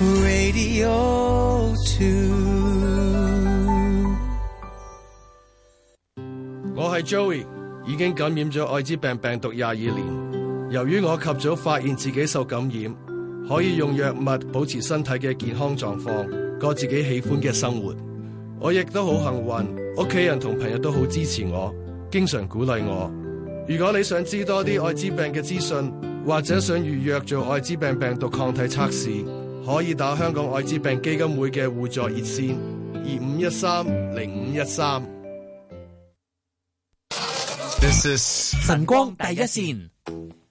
Radio Two. 我係 Joey，已經感染咗愛滋病病毒廿二年。由於我及早發現自己受感染，可以用藥物保持身體嘅健康狀況，過自己喜歡嘅生活。我亦都好幸運，屋企人同朋友都好支持我，經常鼓勵我。如果你想知多啲愛滋病嘅資訊，或者想預約做愛滋病病毒抗體測試，可以打香港艾滋病基金會嘅互助熱線，二五一三零五一三。This is 晨光第一線，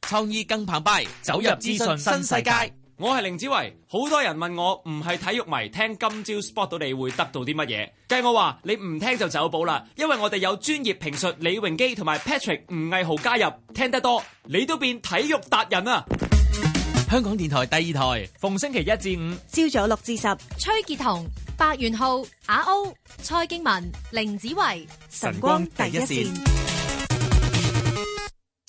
創意更澎湃，走入資訊新世界。我係凌子維，好多人問我唔係體育迷，聽今朝 Sport 到你會得到啲乜嘢？計我話你唔聽就走寶啦，因為我哋有專業評述李榮基同埋 Patrick 吳藝豪加入，聽得多你都變體育達人啊！香港電台第二台，逢星期一至五，朝早六至十，崔潔彤、白元浩、阿歐、蔡敬文、凌子維、晨光第一線。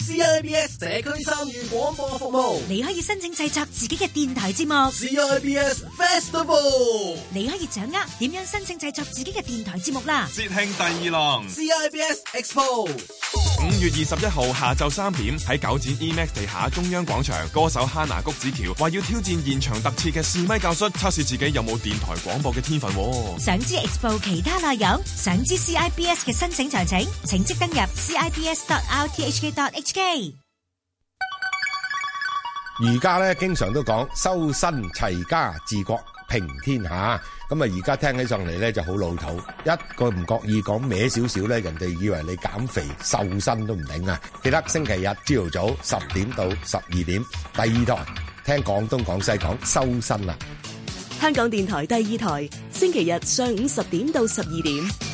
CIBS 社區參與廣播服務，你可以申請製作自己嘅電台節目。CIBS Festival，你可以掌握點樣申請製作自己嘅電台節目啦。節慶第二浪，CIBS Expo，五月二十一號下晝三點喺九展 EMAX 地下中央廣場，歌手哈娜谷子喬話要挑戰現場特設嘅試咪教室，測試自己有冇電台廣播嘅天分。想知 Expo 其他內容，想知 CIBS 嘅申請詳情，請即登入 CIBS.RTHK.HK。而家咧，經常都講修身齊家治國平天下，咁啊，而家聽起上嚟咧，就好老土。一個唔覺意講歪少少咧，人哋以為你減肥瘦身都唔頂啊！記得星期日朝頭早十點到十二點，第二台聽廣東廣西講修身啦。香港電台第二台，星期日上午十點到十二點。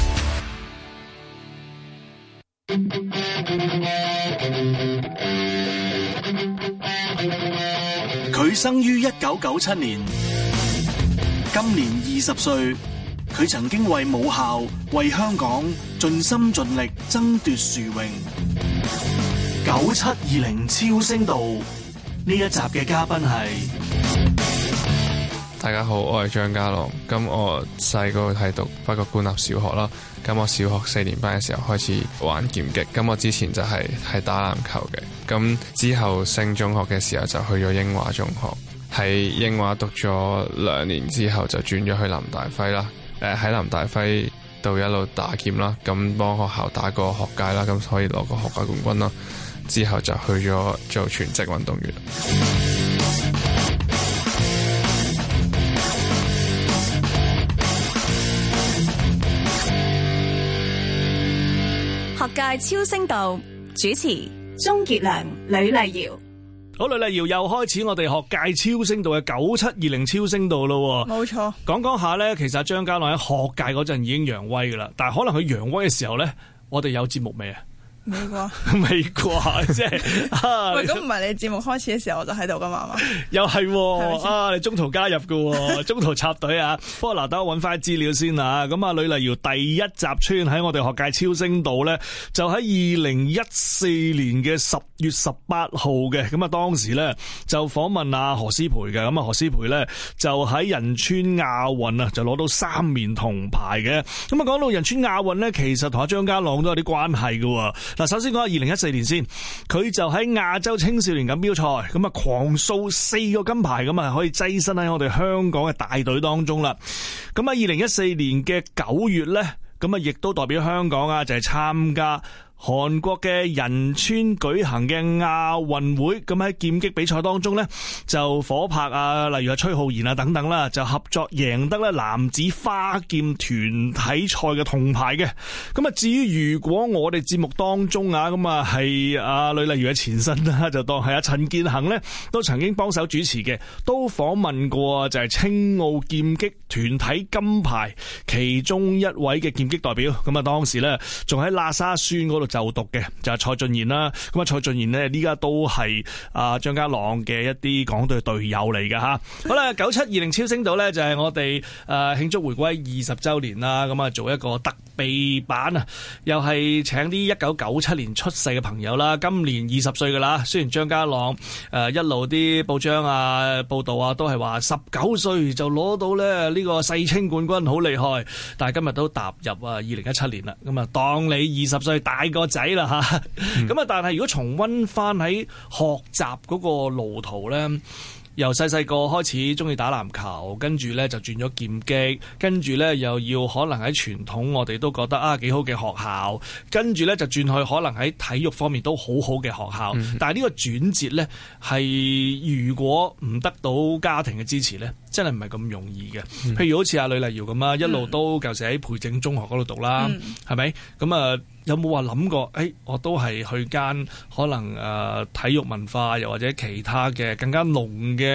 佢生於一九九七年，今年二十歲。佢曾經為母校、為香港盡心盡力爭奪殊榮。九七二零超聲道：「呢一集嘅嘉賓係。大家好，我係張家朗。咁我細個係讀北角官立小學啦。咁我小學四年班嘅時候開始玩劍擊。咁我之前就係、是、係打籃球嘅。咁之後升中學嘅時候就去咗英華中學。喺英華讀咗兩年之後就轉咗去林大輝啦。誒、呃、喺林大輝度一路打劍啦。咁幫學校打過學界啦。咁可以攞個學界冠軍啦。之後就去咗做全職運動員。學界超聲道主持鍾傑良、呂麗瑤，好，呂麗瑤又開始我哋學界超聲道嘅九七二零超聲道啦。冇錯，講講下咧，其實張家朗喺學界嗰陣已經揚威噶啦，但係可能佢揚威嘅時候咧，我哋有節目未啊？美國， 美國即係喂，咁唔係你節目開始嘅時候我就喺度噶嘛，又係、哦、啊！你中途加入嘅，中途插隊啊！ 不過我嗱等我搵翻啲資料先啊！咁啊，呂麗瑤第一集村喺我哋學界超星度超聲道咧，就喺二零一四年嘅十月十八號嘅。咁啊，當時咧就訪問阿、啊、何詩蓓嘅。咁啊，何詩蓓咧就喺仁川亞運啊，就攞到三面銅牌嘅。咁啊，講到仁川亞運咧，其實同阿張家朗都有啲關係嘅。嗱，首先講下二零一四年先，佢就喺亞洲青少年錦標賽咁啊，狂掃四個金牌咁啊，可以躋身喺我哋香港嘅大隊當中啦。咁喺二零一四年嘅九月呢，咁啊，亦都代表香港啊，就係參加。韓國嘅仁川舉行嘅亞運會，咁喺劍擊比賽當中咧，就火拍啊，例如阿崔浩然啊等等啦，就合作贏得咧男子花劍團體賽嘅銅牌嘅。咁啊，至於如果我哋節目當中啊，咁啊係啊呂麗瑤嘅前身啦，就當係阿陳建恒咧，都曾經幫手主持嘅，都訪問過啊，就係青奧劍擊團體金牌其中一位嘅劍擊代表。咁啊，當時咧仲喺拉薩宣度。就讀嘅就係、是、蔡俊賢啦，咁啊蔡俊賢呢，而家都係啊張家朗嘅一啲港隊隊友嚟嘅吓。 好啦，九七二零超升到呢，就係我哋誒慶祝回歸二十周年啦，咁啊做一個特備版啊，又係請啲一九九七年出世嘅朋友啦，今年二十歲噶啦。雖然張家朗誒一路啲報章啊報道啊都係話十九歲就攞到咧呢個世青冠軍好厲害，但係今日都踏入啊二零一七年啦，咁啊當你二十歲大個個仔啦吓，咁啊，但係如果重溫翻喺學習嗰個路途咧，由細細個開始中意打籃球，跟住咧就轉咗劍擊，跟住咧又要可能喺傳統我哋都覺得啊幾好嘅學校，跟住咧就轉去可能喺體育方面都好好嘅學校，但係呢個轉折咧，係如果唔得到家庭嘅支持咧。真係唔係咁容易嘅，譬如好似阿呂麗瑤咁啊，一路都舊時喺培正中學嗰度讀啦，係咪、嗯？咁啊、嗯，有冇話諗過誒、欸、我都係去間可能誒體育文化又或者其他嘅更加濃嘅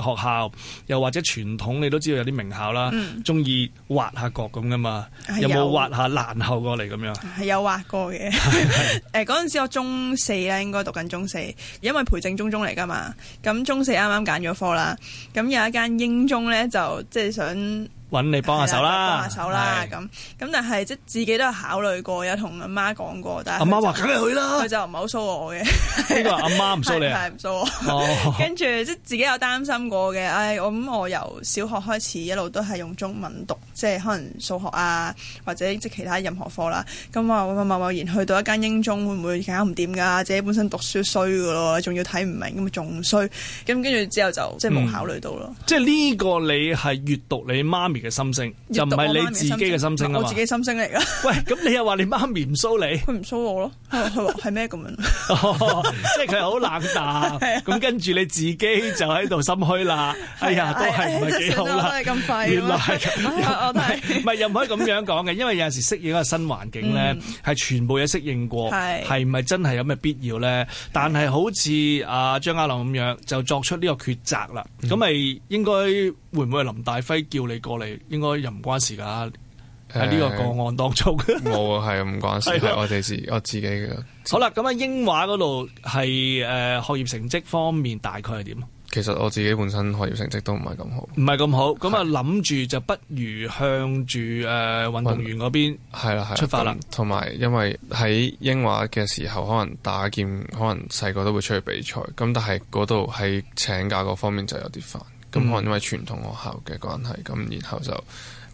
學校，又或者傳統你都知道有啲名校啦，中意、嗯、挖下角咁噶嘛？有冇挖下難後過嚟咁樣，係有挖過嘅。誒，嗰陣時我中四咧，應該讀緊中四，因為培正中中嚟㗎嘛。咁中四啱啱揀咗科啦，咁有一間英。中咧就即係想。揾你幫下手啦，幫下手啦咁咁，的但係即係自己都有考慮過，有同阿媽講過，但係阿媽話梗係去啦，佢就唔係好騷我嘅。呢、 呢個阿媽唔騷你、啊，係唔騷我。哦、跟住即係自己有擔心過嘅。唉，我諗我，我由小學開始一路都係用中文讀，即係可能數學啊或者即其他任何科啦。咁啊，某某突然去到一間英中，會唔會更加唔掂㗎？自己本身讀書衰嘅咯，仲要睇唔明咁，仲衰。咁跟住之後就即係冇考、嗯、考慮到咯。嗯嗯、即係呢個你係閲讀你媽咪嘅心聲，又唔係你自己嘅心聲啦嘛。我自己心聲嚟噶。喂，咁你又話你媽咪唔 show 你？佢唔 show 我咯，係係咩咁樣？即係佢好冷淡。咁跟住你自己就喺度心虛啦。哎呀，都係唔係幾好啦？原來係，我睇唔係又唔可以咁樣講嘅，因為有陣時適應一個新環境咧，係全部嘢適應過，係咪真係有咩必要咧？但係好似阿張家朗咁樣，就作出呢個抉擇啦。咁咪應該會唔會林大輝叫你過嚟？應該又唔關事噶，喺呢個個案當中，冇 啊，係唔關事，的我哋自己我自己嘅。好啦，咁啊英話英華嗰度係誒學業成績方面大概係點？其實我自己本身學業成績都唔係咁好，唔係咁好。咁啊諗住就不如向住誒運動員嗰邊係啦，出發啦。同埋、嗯、因為喺英華嘅時候，可能打劍，可能細個都會出去比賽。咁但係嗰度喺請假嗰方面就有啲煩。咁、嗯、可能因為傳統學校嘅關係，咁然後就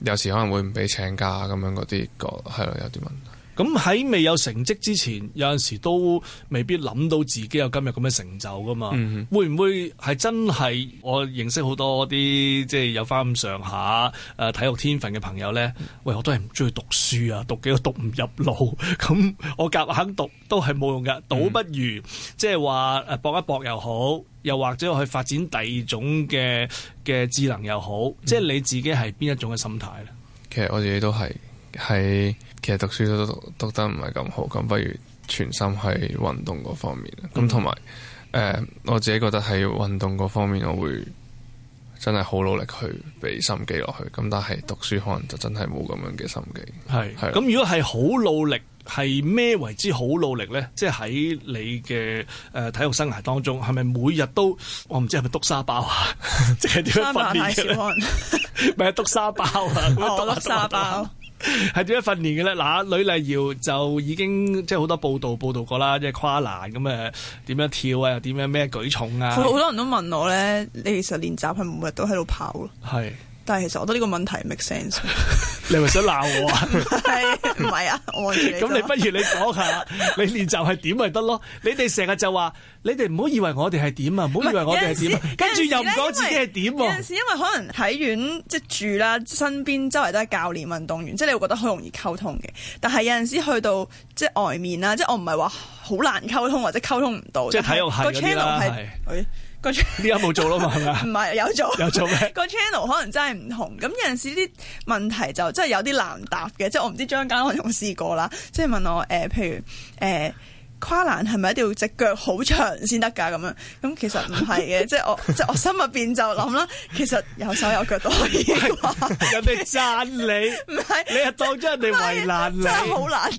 有時可能會唔俾請假咁樣嗰啲個係咯，有啲問題。咁喺未有成績之前，有陣時都未必諗到自己有今日咁嘅成就噶嘛。嗯、哼會唔會係真係我認識好多啲即係有翻咁上下誒、呃、體育天分嘅朋友咧？嗯、喂，我都係唔中意讀書啊，讀幾多都讀唔入腦。咁我夾硬，硬讀都係冇用嘅，倒不如即係話誒搏一搏又好。又或者去發展第二種嘅嘅智能又好，嗯，即係你自己係邊一種嘅心態咧？其實我自己都係，係其實讀書都讀，讀得唔係咁好，咁不如全心喺運動嗰方面。咁同埋誒，我自己覺得喺運動嗰方面，我會真係好努力去俾心機落去。咁但係讀書可能就真係冇咁樣嘅心機。係係是。咁是如果係好努力。係咩為之好努力咧？即係喺你嘅誒體育生涯當中，係咪每日都我唔知係咪督沙包啊？即係點樣訓練嘅？沙包太少，係咪篤沙包啊？ 哦，篤沙包係點 樣訓練嘅咧？嗱，呂麗瑤就已經即係好多報道報道過啦，即係跨欄咁誒，點樣，樣跳啊？又點樣咩舉重啊？好多人都問我咧，你其實練習係每日都喺度跑咯？係。但係其實我覺得呢個問題 make sense， 你咪想鬧我啊？係唔係啊？我咁你， 你不如你講下，你練習係點咪得咯？你哋成日就話，你哋唔好以為我哋係點啊！唔好以為我哋係點啊，跟住又唔講自己係點喎。有陣時因為可能喺院即係住啦，身邊周圍都係教練、運動員， 即係你會覺得好容易溝通嘅。但係有陣時去到即係外面啦，即係我唔係話好難溝通或者溝通唔到，即係體育系嗰啲啦。是個呢家冇做咯嘛，係咪啊？唔係，有做， 有做咩？ 個 channel 可能真係唔同，咁有陣時啲問題就真係有啲難答嘅，就是，即係我唔知張家朗有冇試過啦，即係問我誒、呃，譬如誒。呃跨欄係咪一定要隻腳好長先得噶？咁樣咁其實唔係嘅，即係我即係我心入邊就諗啦。其實有手有腳都可以 是。 人哋讚你，唔係是你係當咗人哋為難你。真係好難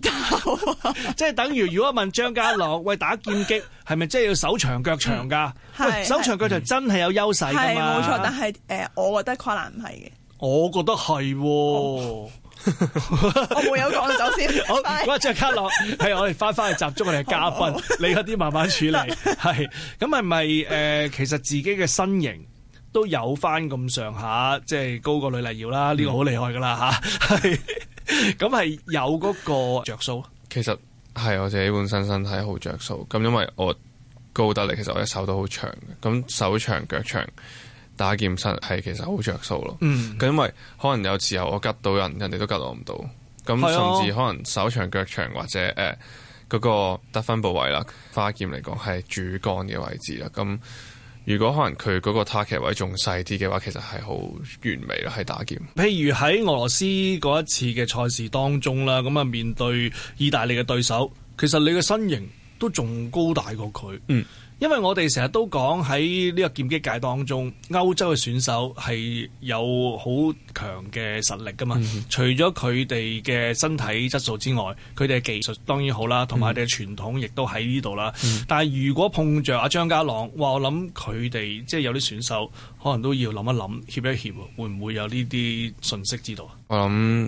搞、啊。 即係等於如果問張家朗喂打劍擊係咪真係要手長腳長噶？嗯、喂手長腳長真係有優勢噶嘛？冇錯，但係誒、呃，我覺得跨欄唔係嘅。我覺得係喎。 我冇有講走先， Bye 好。哇，張家朗，係我哋翻翻去集中我哋嘅嘉賓，好好你嗰啲慢慢處理。係咁， 係咪誒？其實自己嘅身形都有翻咁上下，即係高過呂麗瑤啦。呢、這個嗯、個好厲害㗎喇吓。咁係有嗰個着數。其實係我自己本身身體好着數，咁因為我高得嚟，其實我隻手都好長嘅，咁手長腳長。打劍身係其實好着數咯，咁、嗯、因為可能有時候我吉到人，人哋都吉我唔到，咁甚至可能手長腳長或者誒嗰、啊呃嗰個得分部位啦，花劍嚟講係主幹嘅位置啦。咁如果可能佢嗰個 target 位仲細啲嘅話，其實係好完美咯，係打劍。譬如喺俄羅斯嗰一次嘅賽事當中啦，咁啊面對意大利嘅對手，其實你嘅身形都仲高大過佢。嗯因為我哋成日都講喺呢個劍擊界當中，歐洲嘅選手係有好強嘅實力㗎嘛。嗯、哼除咗佢哋嘅身體質素之外，佢哋嘅技術當然好啦，同埋佢哋嘅傳統亦都喺呢度啦。嗯、但係如果碰着阿張家朗，哇！我諗佢哋即係有啲選手可能都要諗一諗，協一協，會唔會有呢啲訊息知道啊？我諗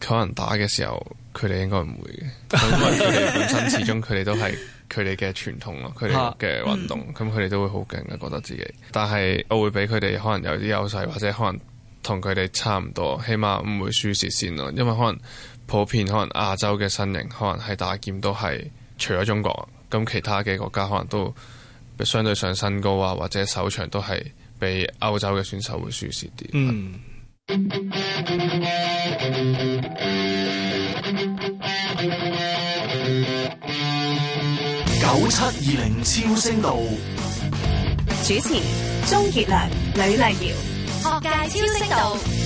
佢可能打嘅時候，佢哋應該唔會嘅，因為佢哋本身始終佢哋都係。佢哋嘅傳統咯，佢哋嘅運動，咁佢哋都會好勁啊，覺得自己。但係我會俾佢哋可能有啲優勢，或者可能同佢哋差唔多，起碼唔會輸蝕先咯。因為可能普遍可能亞洲嘅身形，可能係打劍都係除咗中國，咁其他嘅國家可能都相對上身高啊，或者手長都係比歐洲嘅選手會輸蝕啲。嗯嗯九七二零超聲道，主持鍾傑良、呂麗瑤，學界超聲道。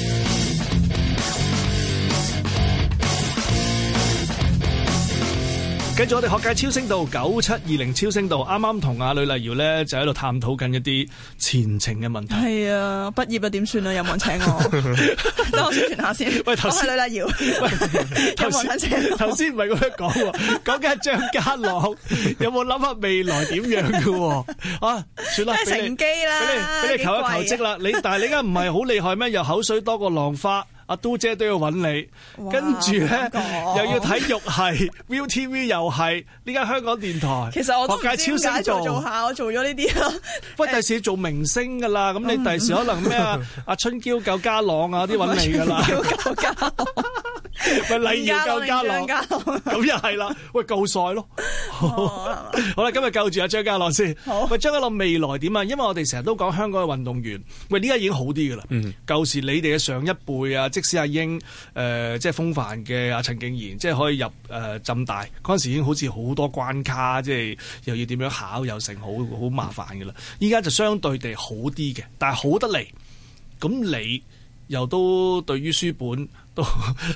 跟住我哋學界超聲道，九七二零超聲道，啱啱同阿呂麗瑤咧就喺度探討緊一啲前程嘅問題。係啊，畢業啊點算啊？有冇人請我？等 我宣傳下先。喂，頭先係呂麗瑤。喂 有冇請？頭先唔係咁樣講，講嘅係張家朗。 有冇諗下未來點樣噶？ 啊，算啦，成機啦，俾你，俾你求一求職啦。你但係你而家唔係好厲害咩？又口水多過浪花。阿嘟姐都要揾你，哇跟住着咧又要睇育係 ，Viu TV 又係呢間香港電台，其實我學界超生做做下，我做咗呢啲咯。不過第時做明星噶啦，咁、嗯、你第時可能咩 啊？阿春嬌救家朗 啊啲揾你噶啦。 喂，咪麗瑤救張家朗，咁又係啦，喂夠晒咯。 好啦好， 今日救住阿張家朗先，好喂，張家朗未來點啊？因為我哋成日都講香港嘅運動員，喂，呢家已經好啲噶啦，嗯哼，舊時你哋嘅上一輩啊，即使阿英誒即係風帆嘅阿陳敬賢，即係可以入誒、呃、浸大嗰陣時，已經好似好多關卡，即係又要點樣考，又成好好麻煩噶啦，依家就相對地好啲嘅，但係好得嚟，咁你又都對於書本？都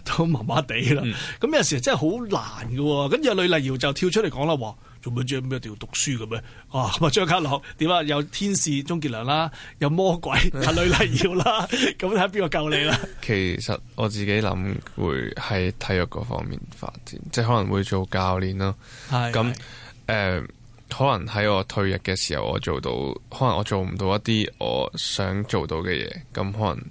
都麻麻地啦，咁、嗯、有時真係好難嘅、啊。跟住呂麗瑤就跳出嚟講啦，話做乜張咩一定要讀書嘅咩？哇、啊，咁啊張嘉良點啊？有天使鍾傑良啦，有魔鬼阿呂麗瑤啦，咁睇下邊個救你啦？其實我自己諗會喺體育嗰方面發展，即係可能會做教練啦。咁誒，可能喺我退役嘅時候，我做到，可能我做唔到一啲我想做到嘅嘢，咁可能。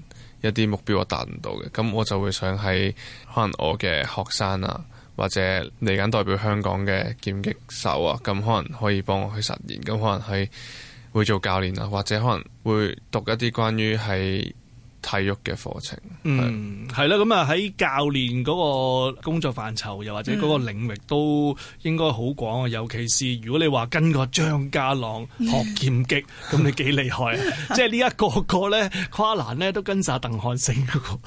一啲目標我達唔到嘅，咁我就會想喺可能我嘅學生啊，或者嚟緊代表香港嘅劍擊手啊，咁可能可以幫我去實現，咁可能係會做教練啊，或者可能會讀一啲關於喺體育嘅課程，嗯，係啦，咁啊，喺教練嗰個工作範疇，又或者嗰個領域都應該好廣啊。嗯、尤其是如果你話跟個張家朗學劍擊，咁、嗯、你幾厲害啊！ 即係呢一個個咧，跨欄咧都跟晒鄧漢成個。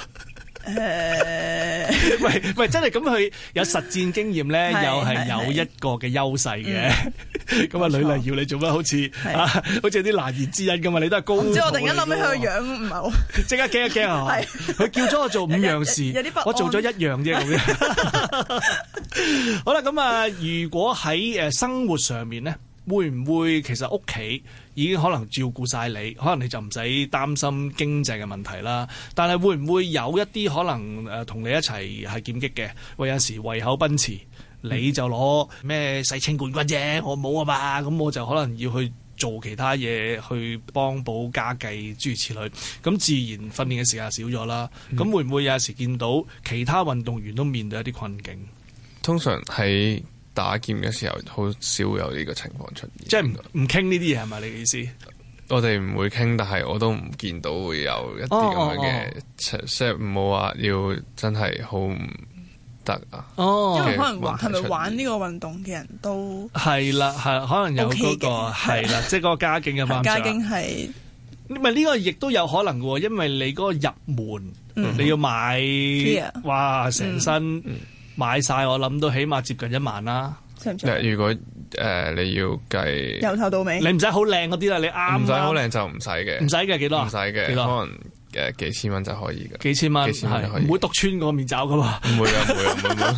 誒、 嗯，唔係 真係咁，佢有實戰經驗咧，又係、嗯、有一個嘅優勢嘅。嗯 咁啊，女嚟要你做乜好似是的 啊，好似有啲難言之隱咁嘛，你都係高，即係我，我突然間諗起佢個樣， 唔好，即刻驚一驚係。佢叫咗我做五樣事，我做咗一樣啫咁樣。 好啦，咁、嗯、啊，如果喺誒生活上面咧，會唔會其實屋企已經可能照顧晒你，可能你就唔使擔心經濟嘅問題啦？但係會唔會有一啲可能誒，同你一齊係劍擊嘅？喂，有陣時胃口奔馳。你就攞咩世青冠軍啫，我冇啊嘛，咁我就可能要去做其他嘢，去幫補家計諸如此類。咁自然訓練嘅時間少咗啦。咁、嗯、會唔會有時見到其他運動員都面對一啲困境？通常喺打劍嘅時候，好少有呢個情況出現。即係唔傾呢啲嘢係咪？你嘅意思？我哋唔會傾，但係我都唔見到會有一啲咁樣嘅即 e 唔好話要真係好唔～得啊！哦，因為可能係咪玩呢個運動嘅人都係啦，係可能有嗰個係啦，即係嗰個家境嘅問題。家境係咪呢個亦都有可能嘅？因為你嗰個入門，你要買哇，成身買晒，我諗都起碼接近一萬啦。差唔多。如果誒你要計由頭到尾，你唔使好靚嗰啲啦，你啱啱唔使好靚就唔使嘅，唔使嘅幾多？唔使嘅可能。誒，幾千蚊就可以嘅。幾千蚊，幾千蚊就可以。唔會篤穿個面罩噶嘛？唔會啊，唔會啊，唔會啊。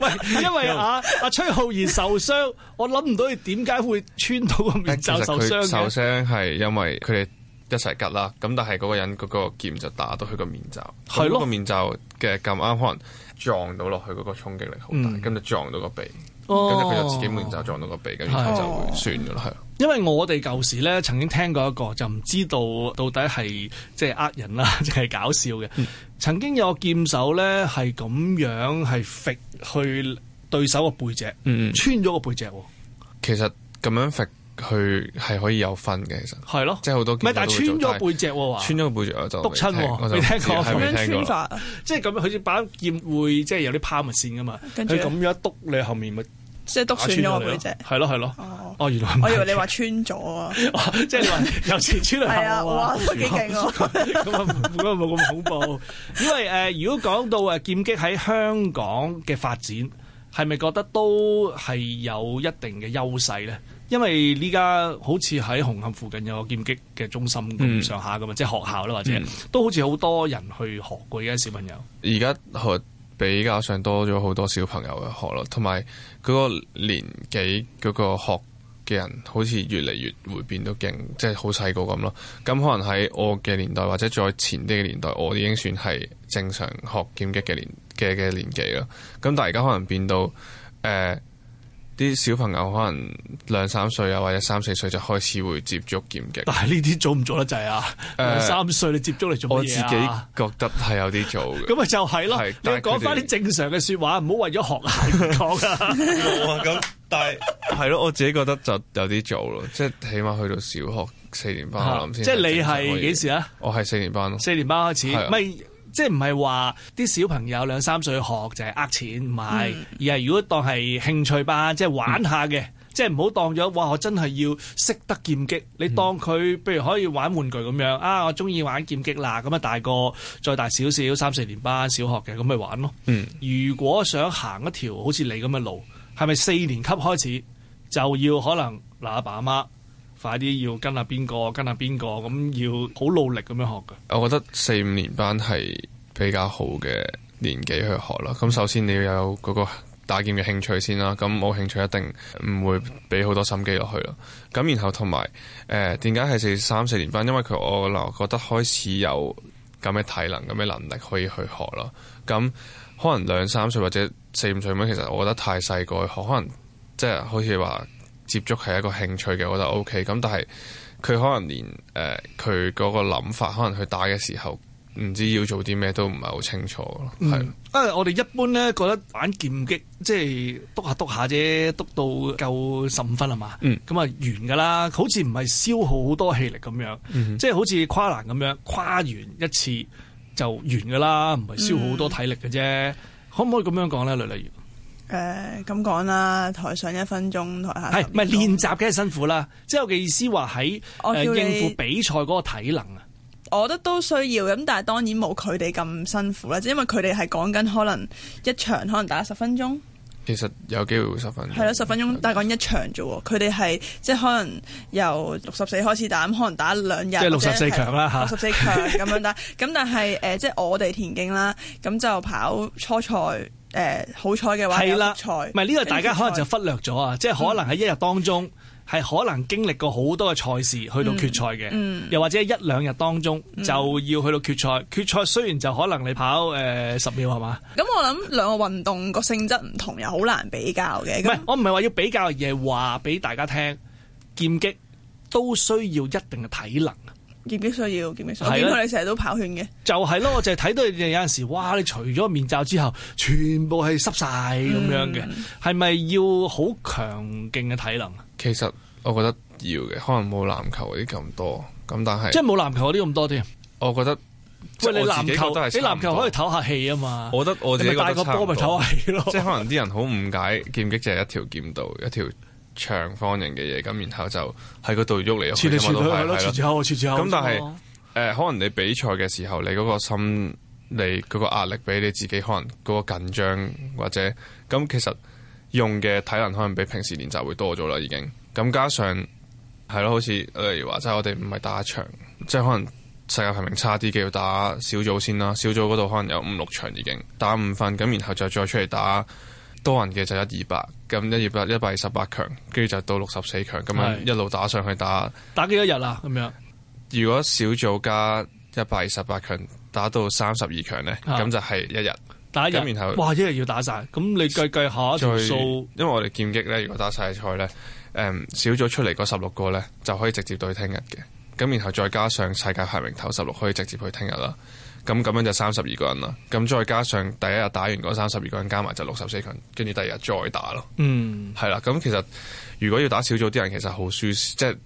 喂，因為啊，阿崔浩然受傷，我諗唔到佢點解會穿到個面罩受傷。受傷係因為佢哋一齊吉啦，咁但係嗰個人嗰個劍就打到佢的個面罩，係咯，個面罩嘅咁啱可能撞到落去，嗰個衝擊力好大，咁就、嗯、撞到個鼻。哦，係，因為我哋舊時咧，曾經聽過一個，就唔知道到底係即係呃人啦，即 係搞笑嘅。嗯、曾經有個劍手咧，係咁樣係揈去對手背、嗯、個背脊，穿咗個背脊。其實咁樣揈。佢係可以有分嘅，其實係咯，即係好多。唔係，但係穿咗背脊，穿咗背脊我就督親，我未聽過，係咪？穿法即係咁樣，佢把劍會即係有啲拋物線噶嘛，跟住咁樣督你後面咪即係督穿咗我背脊，係咯係咯。哦，原來我以為你話穿咗啊，即係你話有時穿兩下啊，哇，都幾勁啊！咁啊，冇咁恐怖。因為誒，如果講到誒劍擊喺香港嘅發展，係咪覺得都係有一定嘅優勢咧？因為呢家好似喺紅磡附近有個劍擊嘅中心咁上下咁啊，嗯、即係學校啦，或者、嗯、都好似好多人去學過嘅，啲小朋友。而家學比較上多咗好多小朋友去學咯，同埋嗰個年紀嗰個學嘅人好似越嚟越會變到勁，即係好細個咁咯。咁可能喺我嘅年代或者再前啲嘅年代，我已經算係正常學劍擊嘅年嘅嘅年紀啦。咁但係而家可能變到誒。呃啲小朋友可能兩三歲啊，或者三四歲就開始會接觸劍擊但早早。但係呢啲早唔早得滯啊？誒，三歲你接觸嚟做咩？我自己覺得係有啲早嘅。咁咪 就係咯。你講翻啲正常嘅説話，唔好為咗學藝講啊。冇啊，咁 但係係咯，我自己覺得就有啲早咯，即係起碼去到小學四年班先。即係你係幾時啊？就是、時我係四年班咯。四年班開始咪？即係唔係話啲小朋友兩三歲學就係呃錢，唔係而係如果當係興趣班，即係玩下嘅，嗯、即係唔好當咗哇！我真係要識得劍擊，嗯、你當佢譬如可以玩玩具咁樣啊，我中意玩劍擊啦。咁啊，大個再大少少，三四年班小學嘅咁咪玩咯。嗯、如果想行一條好似你咁嘅路，係咪四年級開始就要可能嗱，阿爸阿媽？快啲要跟下邊個，跟下邊個，咁要好努力咁樣學嘅。我覺得四五年班係比較好嘅年紀去學啦。咁首先你要有嗰個打劍嘅興趣先啦。咁冇興趣一定唔會俾好多心機落去咯。咁然後同埋誒，點解係四三四年班？因為佢我嗱覺得開始有咁嘅體能、咁嘅能力可以去學啦。咁可能兩三歲或者四五歲咁樣，其實我覺得太細個去學，可能即係好似話。接觸係一個興趣嘅，我覺得 OK。咁但係佢可能連誒佢嗰個諗法，可能佢打嘅時候唔知要做啲咩都唔係好清楚咯。係啊、嗯，是因為我哋一般咧覺得玩劍擊即係篤下篤下啫，篤到夠十五分係嘛？咁啊、嗯、完㗎啦，好似唔係消耗好多氣力咁樣，嗯、哼即係好似跨欄咁樣跨完一次就完㗎啦，唔係消耗好多體力嘅啫。嗯、可唔可以咁樣講咧？例，例如？誒，咁講啦，台上一分鐘，台下係唔係練習梗係辛苦啦？即係我嘅意思話喺要應付比賽嗰個體能啊，我覺得都需要咁，但係當然冇佢哋咁辛苦啦。即因為佢哋係講緊可能一場可能打十分鐘，其實有機會十分鐘係咯，十分鐘但係講一場啫。佢哋係即係可能由六十四開始打，可能打兩日即係六十四強啦，吓六十四強咁樣打。咁但係誒、呃，即係我哋田徑啦，咁就跑初賽。誒好彩嘅話，啦賽唔係呢個，大家可能就忽略咗啊！即係可能喺一日當中係、嗯、可能經歷過好多嘅賽事去到決賽嘅，嗯、又或者一兩日當中、嗯、就要去到決賽。決賽雖然就可能你跑誒十、呃、秒係嘛？咁、嗯、我諗兩個運動個性質唔同，又好難比較嘅。唔係我唔係話要比較，而係話俾大家聽，劍擊都需要一定嘅體能。劍擊需要，劍擊需要。點解對了 你成日都跑圈嘅？就係咯，我就係睇到有陣時，哇！你除咗面罩之後，全部係濕晒咁樣嘅，係咪、嗯、要好強勁嘅體能？嗯、其實我覺得要嘅，可能冇籃球嗰啲咁多咁，但係即係冇籃球嗰啲咁多添。我覺得即喂，你籃球，你籃球可以唞下氣啊嘛。我覺得我自己帶個波咪唞下氣咯。即係 可能啲人好誤解劍擊就係一條劍道，一條。長方形嘅嘢，咁然後就喺個度喐嚟喐去，全部咁但係，誒、呃，可能你比賽嘅時候，你嗰個心，你嗰個壓力，比你自己可能嗰個緊張或者咁，其實用嘅體能，可能比平時練習會多咗啦，已經。咁加上係咯，好似例如話，即係我哋唔係打一場，即係可能世界排名差啲嘅要打小組先啦，小組嗰度可能有五六場已經打唔瞓，咁然後就再出嚟打。多人嘅就一二百，咁一二百一百二十八強，跟住就到六十四強，咁是樣一路打上去打。打幾多日啊？咁樣，如果小組加一百二十八強打到三十二強呢，咁、啊、就係一日。打一日，然後哇一日要打晒，咁你計計下條數，因為我哋劍擊呢，如果打世界賽咧，誒、嗯，小組出嚟嗰十六個呢，就可以直接對聽日嘅，咁然後再加上世界排名頭十六，可以直接去聽日啦。咁咁樣就三十二個人啦，咁再加上第一日打完嗰三十二個人加埋就六十四強，跟住第二日再打咯。嗯，係啦，咁其實如果要打少組啲人，其實好舒適，即係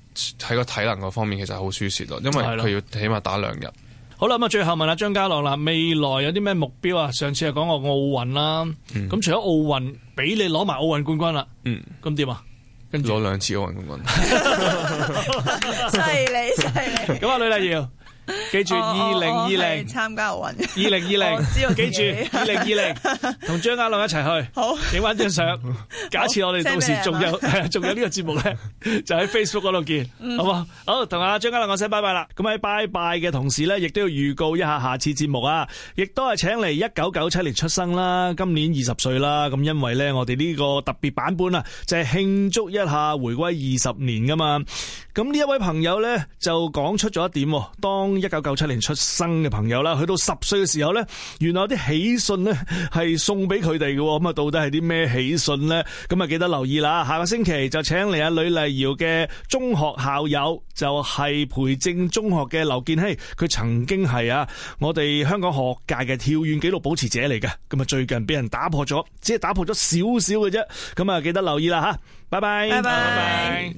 喺個體能個方面，其實好舒適咯，因為佢要起碼打兩日。嗯、好啦，咁啊，最後問下張家朗啦，未來有啲咩目標啊？上次係講過奧運啦，咁、嗯、除咗奧運，俾你攞埋奧運冠軍啦，嗯樣樣，咁點啊？跟住攞兩次奧運冠軍， 犀利犀利。咁啊，呂麗瑤。記住二零二零參加奧運，二零二零，記住二零二零，同張家朗一齊去。好，影返張相。假設我哋到時仲有仲有呢個節目咧，就喺 Facebook 嗰度見，好唔好？好，同阿張家朗講聲拜拜啦。咁喺拜拜嘅同時咧，亦都要預告一下下次節目啊。亦都係請嚟一九九七年出生啦，今年二十歲啦。咁因為咧，我哋呢個特別版本啊，就係慶祝一下回歸二十年噶嘛。咁呢一位朋友咧，就講出咗一點，當。一九九七年出生嘅朋友啦，去到十歲嘅時候呢，原來有啲喜訊呢係送俾佢哋嘅，咁啊到底係啲咩喜訊呢？咁啊記得留意啦，下個星期就請嚟阿呂麗瑤嘅中學校友，就係培正中學嘅劉建熙，佢曾經係啊我哋香港學界嘅跳遠紀錄保持者嚟嘅，咁啊最近俾人打破咗，只係打破咗少少嘅啫，咁啊記得留意啦吓，拜拜。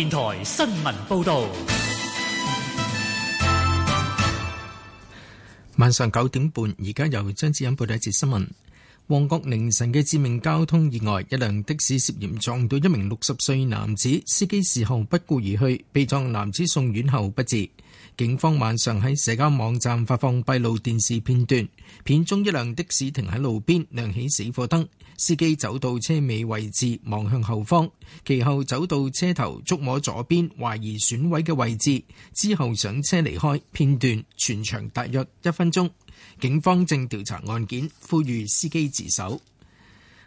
電台新聞報道：晚上九點半，而家由張志欣報道一節新聞。旺角凌晨嘅致命交通意外，一輛的士涉嫌撞到一名六十歲男子，司機事後不顧而去，被撞男子送院後不治。警方晚上喺社交網站發放閉路電視片段，片中一輛的士停喺路邊亮起死火燈，司機走到車尾位置望向後方，其後走到車頭觸摸左邊懷疑損毀嘅位置，之後上車離開。片段全長達約一分鐘。警方正調查案件，呼籲司機自首。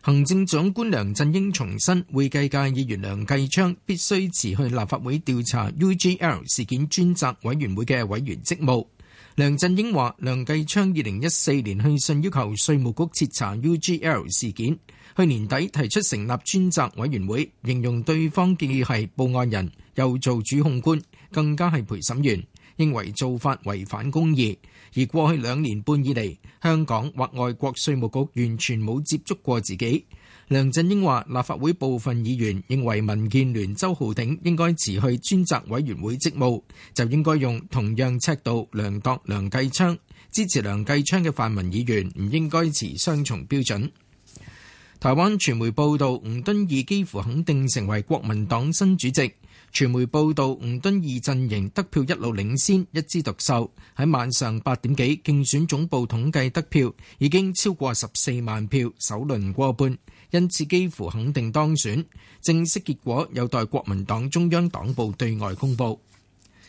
行政長官梁振英重申，會計界議員梁繼昌必須辭去立法會調查 UGL 事件專責委員會嘅委員職務。梁振英話：梁繼昌2014年去信要求稅務局徹查 UGL 事件，去年底提出成立專責委員會，形容對方建議係報案人又做主控官，更加係陪審員，認為做法違反公義，而過去兩年半以嚟，香港或外國稅務局完全冇接觸過自己。梁振英話：立法會部分議員認為民建聯周浩鼎應該辭去專責委員會職務，就應該用同樣尺度量度梁繼昌。支持梁繼昌嘅泛民議員唔應該持雙重標準。台灣傳媒報道，吳敦義幾乎肯定成為國民黨新主席。傳媒報導，吳敦義陣營得票一路領先，一枝獨秀。喺晚上八點幾，競選總部統計得票已經超過十四萬票，首輪過半，因此幾乎肯定當選。正式結果有待國民黨中央黨部對外公佈。